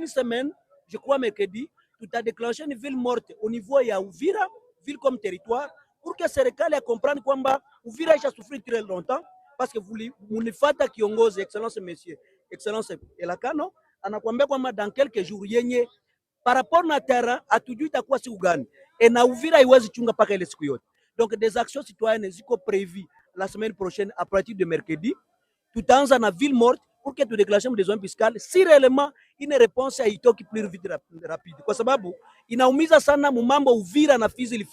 Une semaine, je crois mercredi, tout a déclenché une ville morte au niveau à Ouvira, ville comme territoire, pour que serikali ya comprendre va Uvira a souffrir très longtemps parce que vous on kiongozi excellence monsieur excellence a anakuambia kwamba dans quelques jours yenye par rapport à à la terre, tout terrain atujui si siku Et et na Uvira haiwezi chunga mpaka ile siku yote. Donc des actions citoyennes ziko prévues la semaine prochaine à partir de mercredi, tout dans na ville morte pour que tu déclenches une zones fiscale si réellement ine response haitoki plurivit rap, rapide kwa sababu inaumiza sana mumambo Uvira na Fizi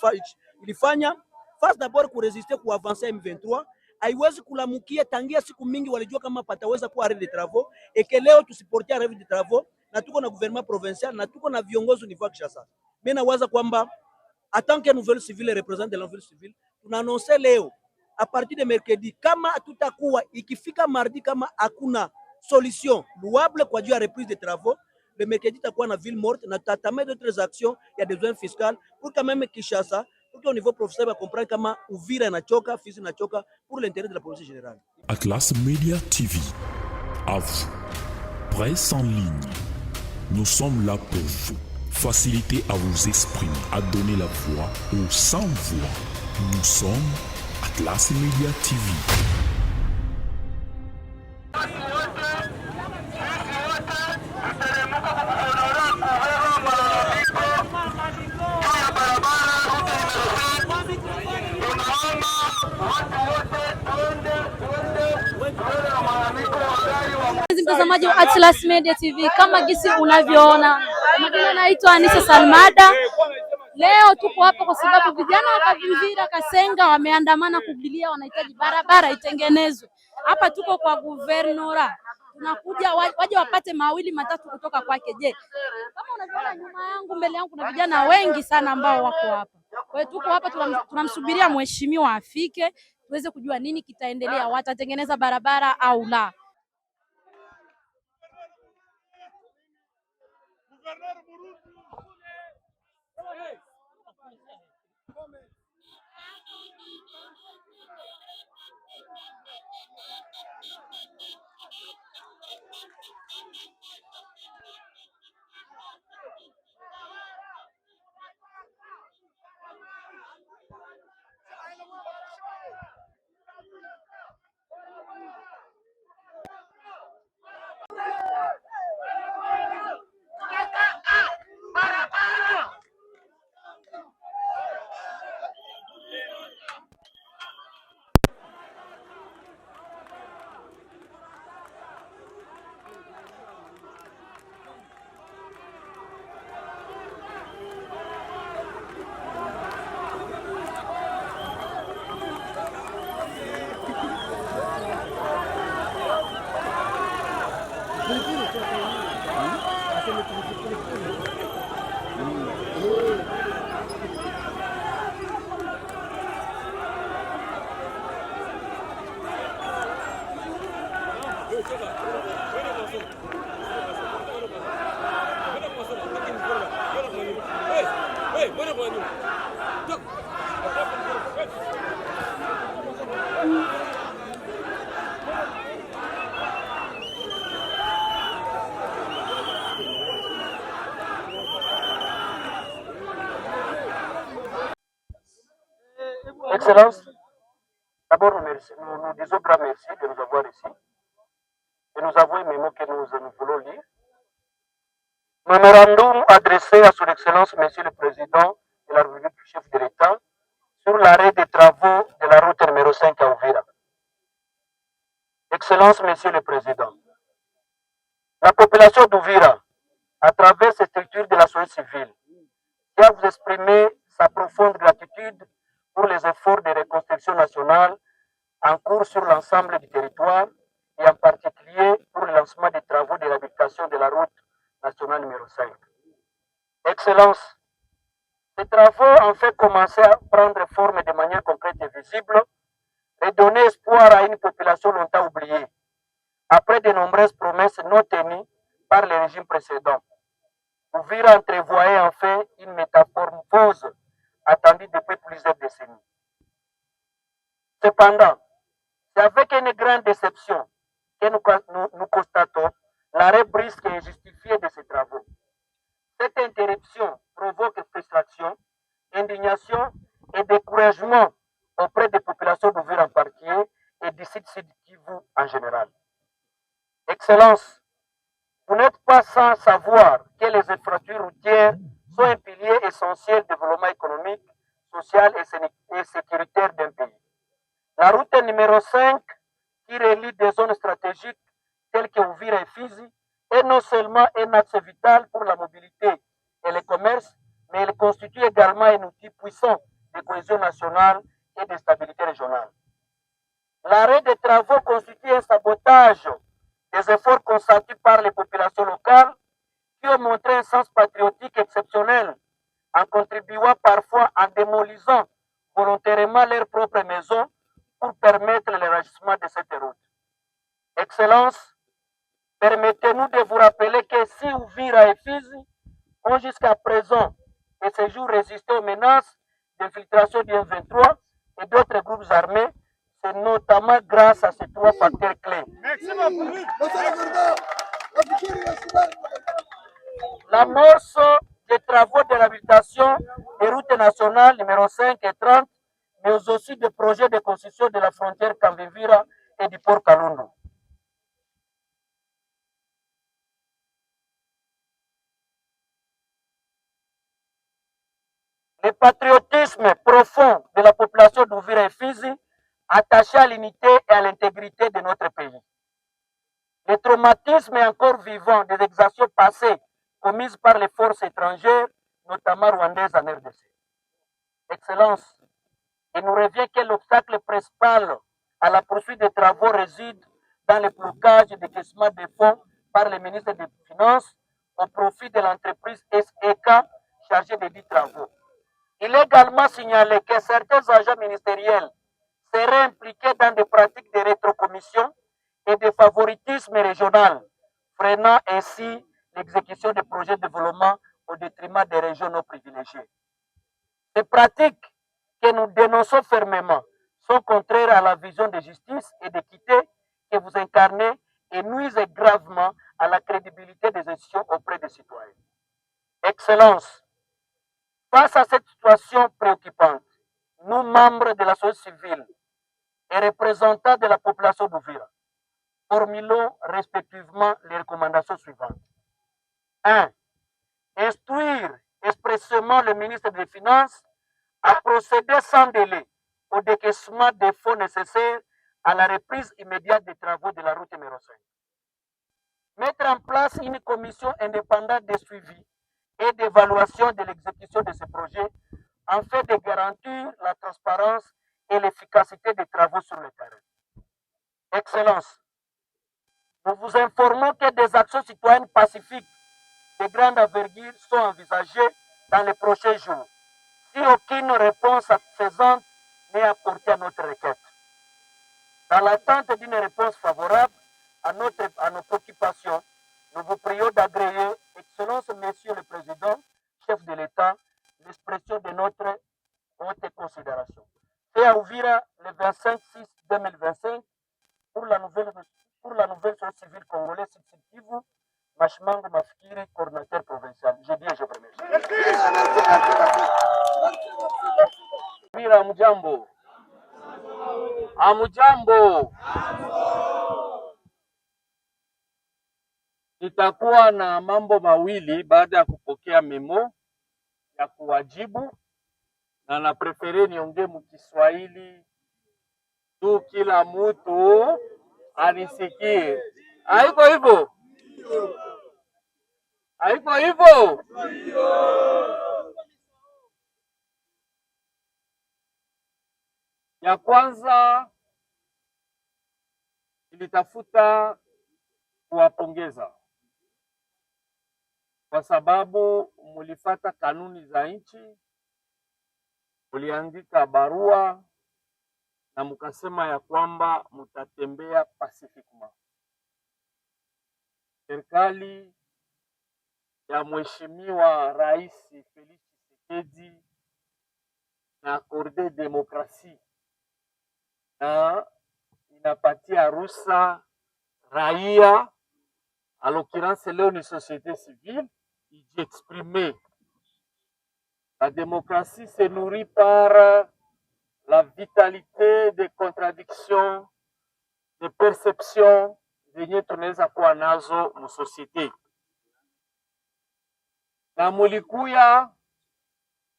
ilifanya fast d'abord ku resiste ku avancer M23 haiwezi kulamukia, tangia siku mingi walijua kama pataweza kuwa arrêt de travaux eke leo tusiportia arrêt de travaux, na tuko na gouvernement provincial na tuko na viongozi ni vaksha Kinshasa. Mimi nawaza kwamba atanke nouvelle civile represent de la nouvelle civile tunaannonce leo a partir de mercredi, kama tutakuwa ikifika mardi, kama hakuna solution louable quoi dû à reprise des travaux. Le mercredi dans la ville morte na il d'autres a des besoins fiscal pour quand même Kishasa au niveau professionnel comment comprendre un choka, fils un choka, pour l'intérêt de la police générale. Atlas Media TV, à vous, presse en ligne, nous sommes là pour vous. Faciliter à vous exprimer, à donner la voix ou sans voix. Nous sommes Atlas Media TV. Mtazamaji wa Atlas Media TV, kama gisi unavyoona, majina naitwa Anisa Salmada. Leo tuko hapa kwa sababu vijana wa Kavimvira Kasenga wameandamana kugilia, wanahitaji barabara itengenezwe. Hapa tuko kwa guvernora, tunakuja waje wapate mawili matatu kutoka kwake. Je, kama unavyoona nyuma yangu, mbele yangu kuna vijana wengi sana ambao wako hapa. Kwa hiyo tuko hapa tunamsubiria mheshimiwa afike tuweze kujua nini kitaendelea, watatengeneza barabara au la. gobernar Excellence, d'abord nous, nous, disons grand merci de nous avoir ici. Et nous avons un mots que nous, voulons lire. Mémorandum adressé à son Excellence Monsieur le Président de la République du chef de l'État sur l'arrêt des travaux de la route numéro 5 à Ouvira. Excellence Monsieur le Président, la population d'Ouvira, à travers ses structures de la société civile, doit vous exprimer sa profonde gratitude pour les efforts de reconstruction nationale en cours sur l'ensemble du territoire et en particulier pour le lancement des travaux de réhabilitation de la route nationale numéro 5. Excellence, ces travaux ont fait commencer à prendre forme de manière concrète et visible et donner espoir à une population longtemps oubliée, après de nombreuses promesses non tenues par les régimes précédents. Ouvrir entrevoyait en fait une métaphore pose attendue depuis plusieurs décennies. Cependant, c'est avec une grande déception que nous, nous, constatons l'arrêt brusque et injustifié de ces travaux. Cette interruption provoque frustration, indignation et découragement auprès des populations d'ouvrir en particulier et du site sud Kivu en général. Excellence, en contribuant parfois en démolissant volontairement leur propre maison pour permettre l'élargissement de cette route. Excellence, permettez-nous de vous rappeler que si Ouvira et Fizi ont jusqu'à présent et ces jours résisté aux menaces d'infiltration du M23 et d'autres groupes armés, c'est notamment grâce à ces trois facteurs clés des travaux de réhabilitation des routes nationales numéro 5 et 30, mais aussi des projets de construction de la frontière Kambivira et du port Kalundu. Le patriotisme profond de la population d'Ouvira et Fizi, attaché à l'unité et à l'intégrité de notre pays. Le traumatisme encore vivant des exactions passées commises par les forces étrangères, notamment rwandaises en RDC. Excellence, il nous revient que l'obstacle principal à la poursuite des travaux réside dans le blocage des décaissement des fonds par le ministre des Finances au profit de l'entreprise SEK chargée de dix travaux. Il est également signalé que certains agents ministériels seraient impliqués dans des pratiques de rétrocommission et de favoritisme régional, freinant ainsi l'exécution des projets de développement au détriment des régions non privilégiées. Ces pratiques que nous dénonçons fermement sont contraires à la vision de justice et d'équité que vous incarnez et nuisent gravement à la crédibilité des institutions auprès des citoyens. Excellence, face à cette situation préoccupante, nous, membres de la société civile et représentants de la population d'Ouvira, formulons respectivement les recommandations suivantes. 1. Instruire expressément le ministre des Finances à procéder sans délai au décaissement des fonds nécessaires à la reprise immédiate des travaux de la route numéro 5. Mettre en place une commission indépendante de suivi et d'évaluation de l'exécution de ce projet en fait de garantir la transparence et l'efficacité des travaux sur le terrain. Excellence, nous vous informons que des actions citoyennes pacifiques de grandes envergure sont envisagées dans les prochains jours, si aucune réponse satisfaisante n'est apportée à notre requête. Dans l'attente d'une réponse favorable à, notre, à nos préoccupations, nous vous prions d'agréer, Excellence Monsieur le Président, chef de l'État, l'expression de notre haute considération. C'est à Ouvira le 25-6-2025 pour la nouvelle, pour la nouvelle société civile congolaise, Mashimangu Mafikiri, coordinateur provincial. Je dis je vous remercie. Bila mjambo. Nitakuwa na mambo mawili baada ya kupokea memo ya kuwajibu, na na prefere niongee mukiswahili tu, kila mutu anisikie. Haiko hivyo? haipo hivyo. Ya kwanza ilitafuta kuwapongeza kwa sababu mulifata kanuni za nchi, muliandika barua na mukasema ya kwamba mutatembea pacifiquement. Serikali ya Mheshimiwa Rais Felix Tshisekedi démocratie, Il demokrasi na à Roussa, Raïa, en l'occurrence leo une société civile, il exprimé La démocratie se nourrit par la vitalité des contradictions, des perceptions zenye à quoi nazo nos société. na mulikuya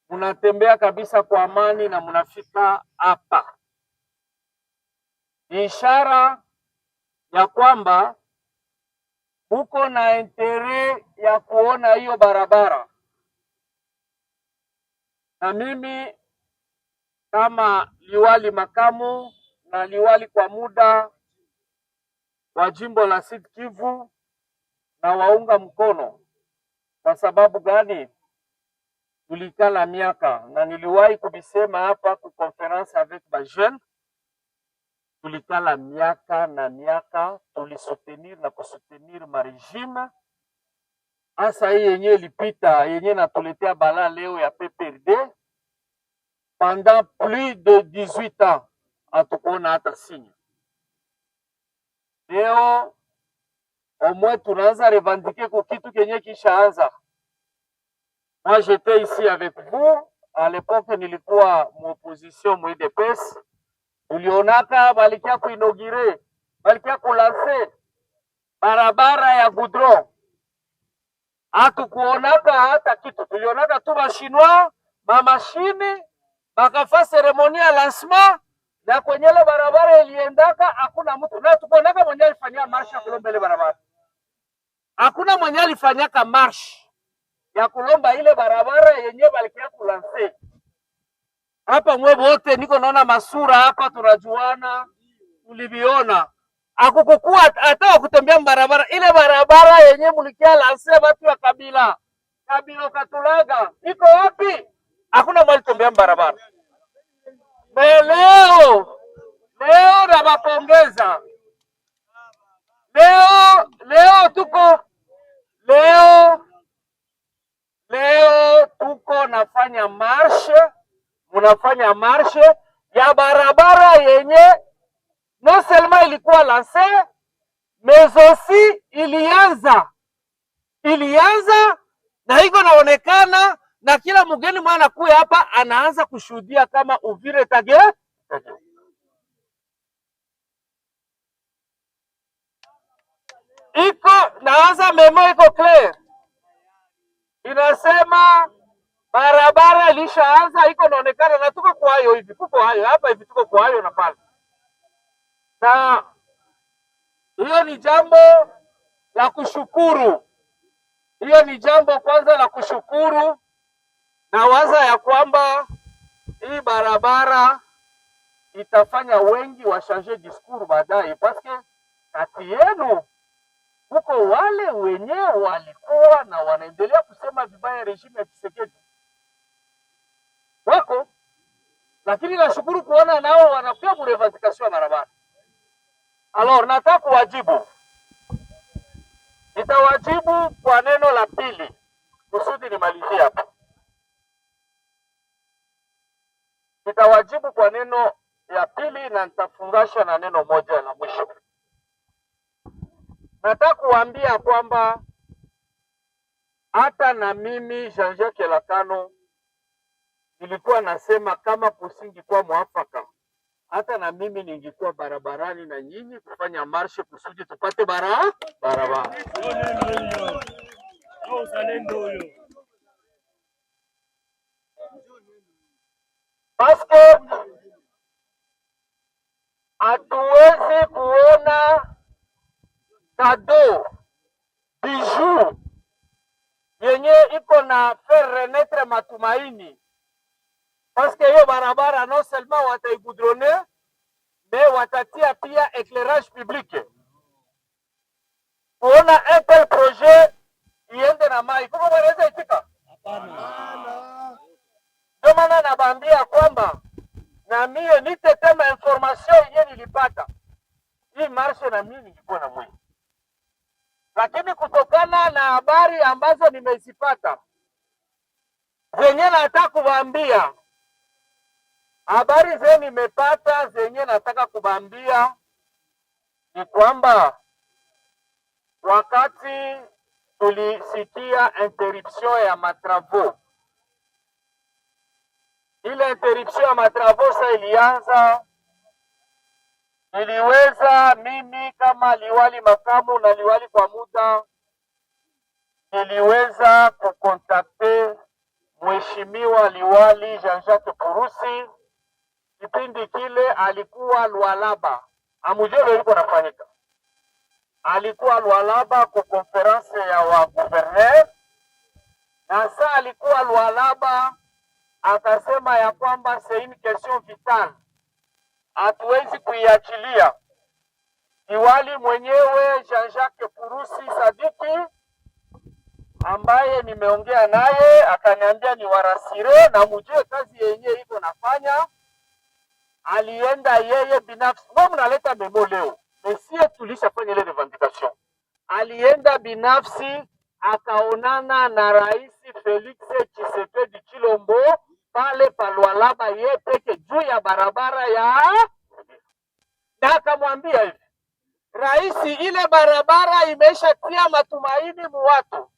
munatembea kabisa kwa amani na munafika hapa, ni ishara ya kwamba huko na intere ya kuona hiyo barabara. Na mimi kama liwali makamu na liwali kwa muda wa jimbo la Sud Kivu na waunga mkono Kwa sababu gani? Tulikala miaka na niliwahi kubisema hapa ku conference avec ba jeune, tulikala miaka na miaka, tulisutenir na kusutenir maregime hasa hii yenye ilipita yenye natuletea bala leo ya PPRD pendant plus de 18 ans, hatukuona hata sinye leo au omwe tunaanza revendike ku kitu kenye kishaanza. Moi j'étais ici avec vous à l'époque nilikuwa position, mu UDPS, ulionaka balikia kuinogire balikia lancer barabara ya goudron, hatukuonaka hata kitu, tulionaka tu bashinwa bakafa seremoni ya lancement na barabara iliendaka hakuna mtu na tukuonaka mwenye alifanyia marsha kulombele barabara Hakuna mwenye alifanyaka marsh ya kulomba ile barabara yenye balikia kulanse hapa. Mwe wote niko naona masura hapa, tunajuana, tuliviona akukukua hata wakutembea barabara ile barabara yenye mulikia lanse watu ya kabila kabila katulaga iko wapi? Hakuna mwalitembea barabara leo leo leo, mapongeza leo leo tuko Leo leo tuko nafanya marshe, mnafanya marshe ya barabara yenye no seulement ilikuwa lance mais aussi ilianza ilianza na hiko naonekana na kila mgeni mwana kuya hapa anaanza kushuhudia kama Uvira tage iko naanza memo iko clear, inasema barabara ilishaanza iko naonekana, na tuko kwa hayo hivi, kuko hayo hapa hivi, tuko kwa hayo na pale, na hiyo ni jambo la kushukuru. Hiyo ni jambo kwanza la kushukuru, na waza ya kwamba hii barabara itafanya wengi wa changer discours baadaye, que kati yenu huko wale wenyewe walikuwa na wanaendelea kusema vibaya rejime ya Tshisekedi wako, lakini nashukuru kuona nao wanakuwa mrevendication ya barabara. Alors nataka kuwajibu, nitawajibu kwa neno la pili kusudi nimalizie hapo. Nitawajibu kwa neno ya pili na nitafungasha na neno moja la mwisho. Nataka kuambia kwamba hata na mimi Jean Jacques Elakano nilikuwa nasema kama kusingikuwa mwafaka, hata na mimi ningekuwa barabarani na nyinyi kufanya marshe kusudi tupate bara barabara. Paske atue kado bijou yenye iko na faire renaître matumaini, paske hiyo barabara non seulement wataigudrone me watatia pia eclairage publique kuona tel projet iende na mai kuko wanaweza itika ndio maana nabaambia kwamba na mie nitetema information yenye nilipata hii marshe na mimi nilikuwa na mwini lakini kutokana na habari ambazo nimezipata zenye nataka kuwaambia, habari zenye nimepata zenye nataka kuwaambia ni kwamba wakati tulisikia interruption ya matravo, ile interruption ya matravo sa ilianza niliweza mimi kama liwali makamu na liwali kwa muda, niliweza kukontakte mheshimiwa liwali Jean-Jacques Purusi. Kipindi kile alikuwa Lualaba, amujue liko nafanyika, alikuwa Lualaba kwa konferanse ya wa guverner, na saa alikuwa Lualaba akasema ya kwamba c'est une question vitale hatuwezi kuiachilia. diwali mwenyewe Jean-Jacques Purusi Sadiki ambaye nimeongea naye akaniambia ni warasire na mujue kazi yenye iko nafanya. Alienda yeye binafsi, mbona mnaleta memo leo? Mesie tulishafanya ile revendication. Alienda binafsi akaonana na Rais Felix Tshisekedi Chilombo pale palwalaba ye peke juu ya barabara ya na akamwambia hivi raisi, ile barabara imeshatia matumaini muwatu,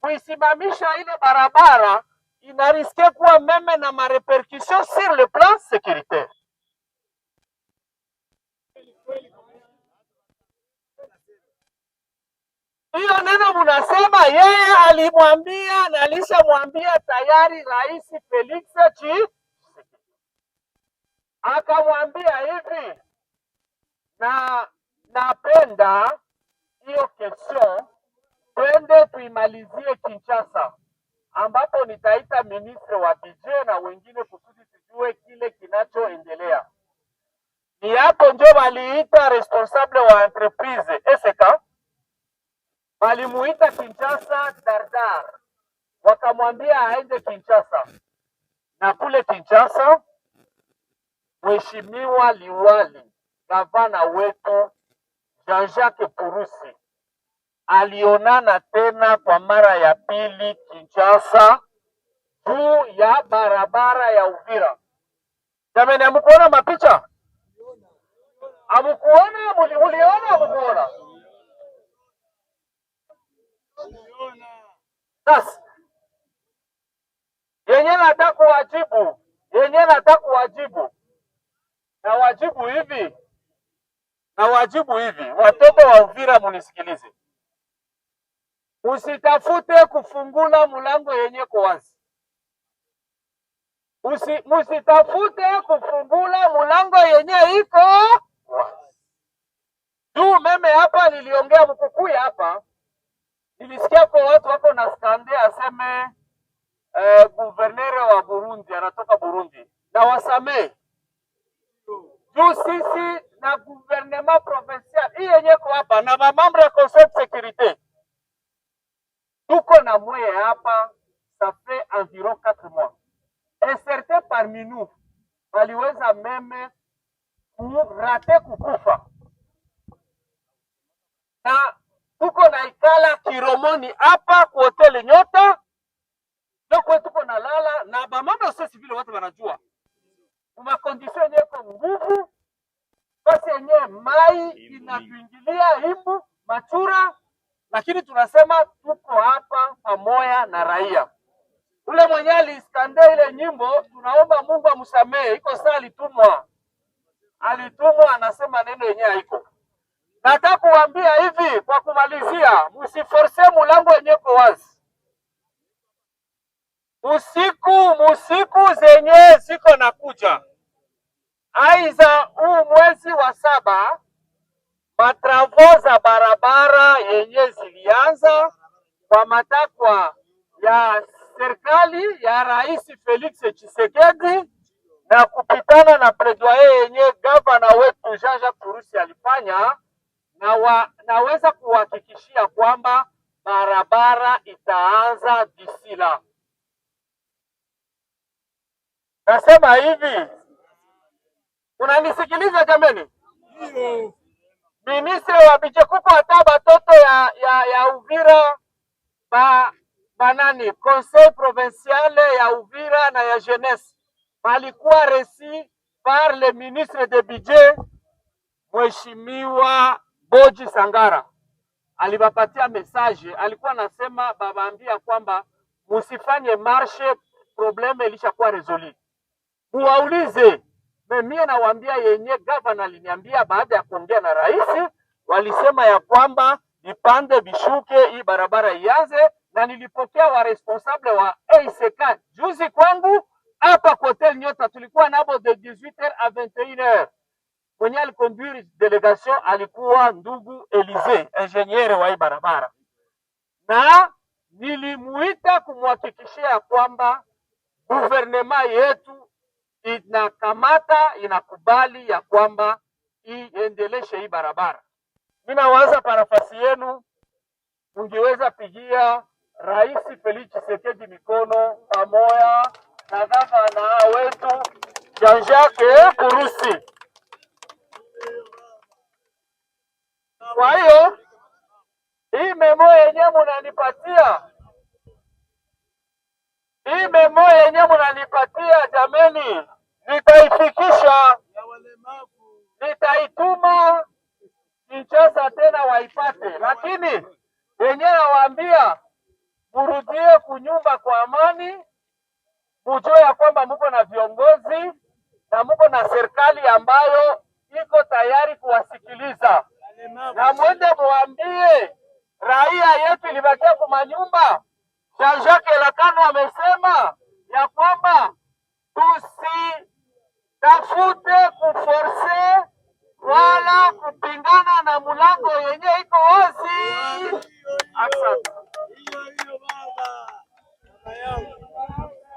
kuisimamisha ile barabara inariske kuwa meme na marepercussion sur le plan securitaire hiyo neno munasema yeye alimwambia na alishamwambia tayari Rais Felix Tshisekedi akamwambia hivi, na napenda hiyo kesho twende tuimalizie Kinshasa, ambapo nitaita ministre wa bije na wengine kusudi tujue kile kinachoendelea. Ni hapo njo waliita responsable wa entreprise eseka Walimuita Kinshasa Dardar, wakamwambia aende Kinshasa, na kule Kinshasa Mheshimiwa Liwali, gavana wetu Jean-Jacques Purusi alionana tena kwa mara ya pili Kinshasa juu ya barabara ya Uvira. Jamani, amukuona mapicha? Amkuona? Muliona? Amukuona? Sasa yenye nataka wajibu, yenye nataka wajibu, na wajibu hivi na wajibu hivi, watoto wa Uvira munisikilize, usitafute kufungula mulango yenye ko Usi, musitafute kufungula mulango yenye iko juu. Meme hapa niliongea mkukuya hapa Nilisikia kwa watu wako na skande aseme eh, guvernere wa Burundi anatoka Burundi na wasamee juu sisi na gouvernement provincial hii yenye ko hapa na mamambre ya conseil de securite tuko na mweye hapa, ça fait environ quatre mois et certains parmi nous waliweza meme kurate kukufa na tuko na Kiromoni hapa ku hoteli Nyota nokwe tuko na lala na bamama sosi vile watu wanajua makondisio yenye ko nguvu basi yenye mai inatuingilia Imbu Machura, lakini tunasema tuko hapa pamoya na raia. Ule mwenye aliskande ile nyimbo, tunaomba Mungu amsamee, iko saa alitumwa, alitumwa anasema neno yenyewe haiko Nataka kuambia hivi kwa kumalizia, msiforce mulango wenye uko wazi usiku musiku zenye ziko na kuja, aiza huu mwezi wa saba, matravo za barabara yenye zilianza kwa matakwa ya serikali ya Rais Felix Tshisekedi na kupitana na plaidoyer yenye gavana wetu Jean Jacques Purusi alifanya na wa, naweza kuhakikishia kwamba barabara itaanza visila Nasema hivi, unanisikiliza jameni? Ministre wa bije kuko hata batoto ya, ya, ya Uvira ba banani conseil provincial ya Uvira na ya jeunesse balikuwa resi par le ministre de budget Mheshimiwa Boji Sangara alibapatia message, alikuwa anasema babaambia kwamba musifanye marshe, probleme ilishakuwa resoli, muwaulize. mimi, nawaambia yenye gavana aliniambia baada ya kuongea na rais, walisema ya kwamba vipande vishuke, hii barabara ianze, na nilipokea wa responsable wa ASK juzi kwangu hapa kwa hotel Nyota, tulikuwa nabo de 18h a 21h mwenye alikombiri delegation alikuwa ndugu Elize, engineer wa hii barabara, na nilimuita kumhakikishia kwamba guvernema yetu inakamata inakubali ya kwamba iendeleshe hii barabara. Ninawaza parafasi yenu ungeweza pigia Rais Felix Tshisekedi mikono pamoja na gavana wetu Jean-Jacques Purusi. Kwa hiyo hii memo yenyewe munanipatia, hii memo yenyewe munanipatia, jameni, nitaifikisha, nitaituma Kinshasa tena waipate, lakini wenyewe nawaambia murudie kunyumba kwa amani, mujue ya kwamba muko na viongozi na muko na serikali ambayo iko tayari kuwasikiliza na mwende muambie raia yetu ilibakia kwa manyumba. Jean Jacques Elakano amesema ya kwamba tusitafute kuforse wala kupingana na mlango yenye iko wazi.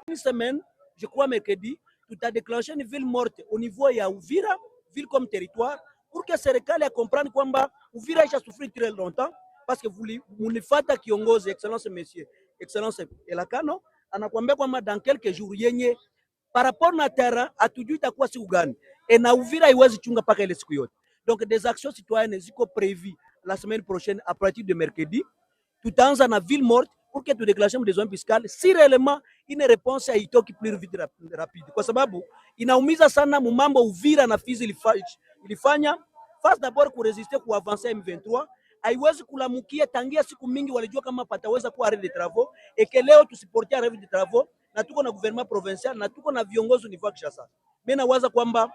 Une semaine, je crois mercredi, tout a une ville morte au niveau ya Uvira, ville comme territoire pour que serikali à comprendre kwamba Uvira isha souffrir très longtemps parce que vous mulifata kiongozi excellence monsieur excellence Elakano anakuambia kwamba dans quelques jours yenye par rapport na terrain atujui itakuwa siku gani e na Uvira haiwezi chunga paka ile siku yote. Donc des actions citoyennes ziko prévues la semaine prochaine à partir de mercredi, tout dans na ville morte pour que déclenches des zones fiscales si réellement une réponse qu'il plus vite rapide, kwa sababu inaumiza sana mumambo Uvira na Fizi ilifanya Fas d'abord kuresiste kuavansa M23 haiwezi kulamukia. Tangia siku mingi walijua kama pataweza kuwa arrêt de travaux, eke leo tusiportia arrêt de travaux, na tuko na gouvernement provincial na tuko na viongozi au niveau ya Mimi nawaza kwamba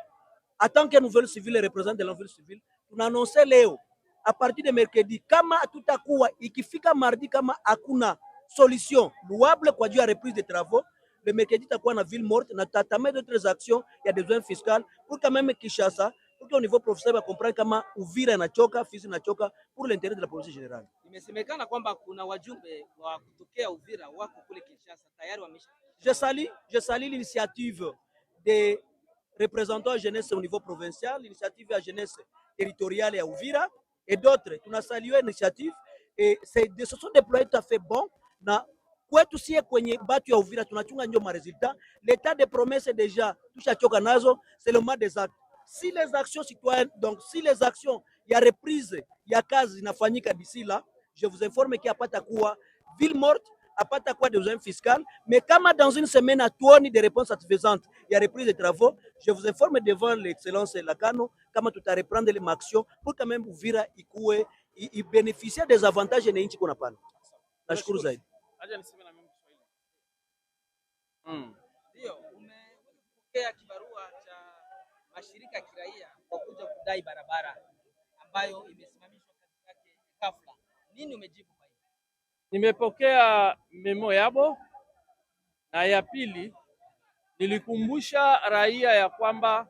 atanke nouvelle civile represent de l'envol civile, tunaanonse leo a partir de mercredi, kama tutakuwa ikifika mardi, kama hakuna solution louable kwa juu ya reprise de travaux le mercredi, tutakuwa na ville morte na tutatamé d'autres actions ya besoin fiscal pour quand même Kinshasa pour qu'au niveau professionnel comprendre kama Uvira inachoka, Fizi inachoka pour l'intérêt de la police générale. Imesemekana kwamba kuna wajumbe wa kutokea Uvira wako kule Kinshasa tayari wamesha. Je salue, je salue l'initiative des représentants jeunesse au niveau provincial, l'initiative ya jeunesse territoriale ya Uvira et d'autres. Tunasalue initiative et c'est de ce sont des projets tout à fait bons na kwetu sie kwenye batu ya Uvira tunachunga njo ma resultat. L'état de promesse déjà tushachoka nazo, c'est le mal des actes. si les actions citoyennes, donc si les actions il y a reprise il ya cas inafanyika d'ici là, je vous informe qu'il a pas quoi, ville morte, pas de besoin fiscal, Mais comme dans une semaine à réponses de réponse satisfaisante a reprise des travaux, je vous informe devant l'excellence Lacano, tu kama reprendre les actions pour quand même vous ikue bénéficier des avantages na qu'on a pas. Nashukuru zaidi. Hmm. umepokea mashirika ya kiraia kwa kuja kudai barabara ambayo imesimamishwa kazi yake ghafla. Nini umejibu kwa hiyo? Nimepokea memo yabo, na ya pili nilikumbusha raia ya kwamba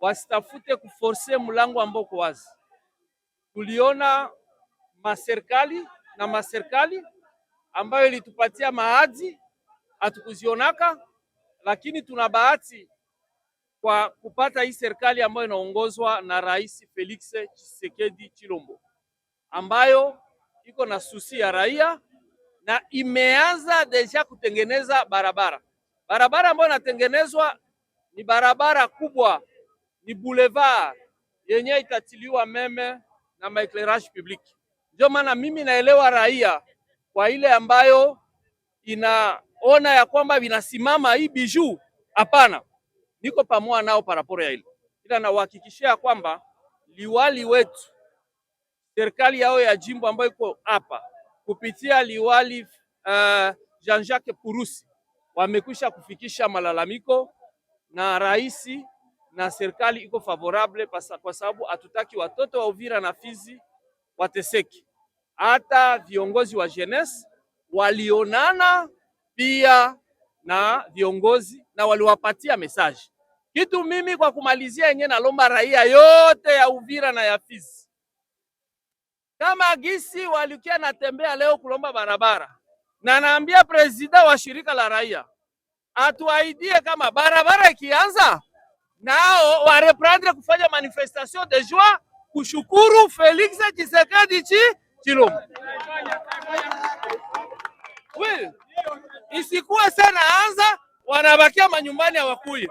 wasitafute kuforce mlango ambao uko wazi. Tuliona maserikali na maserikali ambayo ilitupatia maadi hatukuzionaka, lakini tuna bahati kwa kupata hii serikali ambayo inaongozwa na Rais Felix Tshisekedi Chilombo ambayo iko na susi ya raia na imeanza deja kutengeneza barabara. Barabara ambayo inatengenezwa ni barabara kubwa, ni boulevard yenye itatiliwa meme na maeclairage public. Ndio maana mimi naelewa raia kwa ile ambayo inaona ya kwamba vinasimama hii bijou. hapana niko pamoja nao paraporo ya hilo, ila nawahakikishia kwamba liwali wetu, serikali yao ya jimbo ambayo iko hapa kupitia liwali uh, Jean-Jacques Purusi wamekwisha kufikisha malalamiko na rais na serikali iko favorable pasa, kwa sababu hatutaki watoto wa Uvira na Fizi wateseki. Hata viongozi wa jeunesse walionana pia na viongozi na waliwapatia message kitu. Mimi kwa kumalizia, yenye nalomba raia yote ya Uvira na ya Fizi, kama gisi walikia natembea leo kulomba barabara, na naambia president wa shirika la raia atuaidie kama barabara ikianza nao wareprendre kufanya manifestation de joie kushukuru Felix Tshisekedi chi Oui isikuwe sana anza wanabakia manyumbani hawakuye.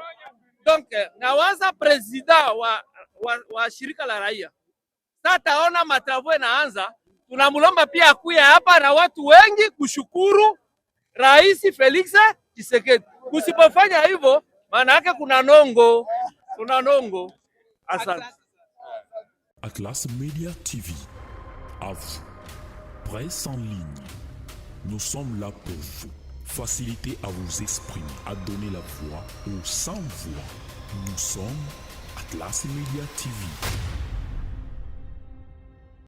Donc nawaza presida wa, wa, wa shirika la raia sasa matravu matravo naanza, tunamulomba pia akuya hapa na watu wengi kushukuru Rais Felix Tshisekedi. Kusipofanya hivyo, maana yake kuna nongo, kuna nongo. Asante. Atlas Media TV, presse en ligne, nous sommes là pour facilité à vous exprimer, à donner la voix au sans-voix. Nous sommes Atlas Media TV.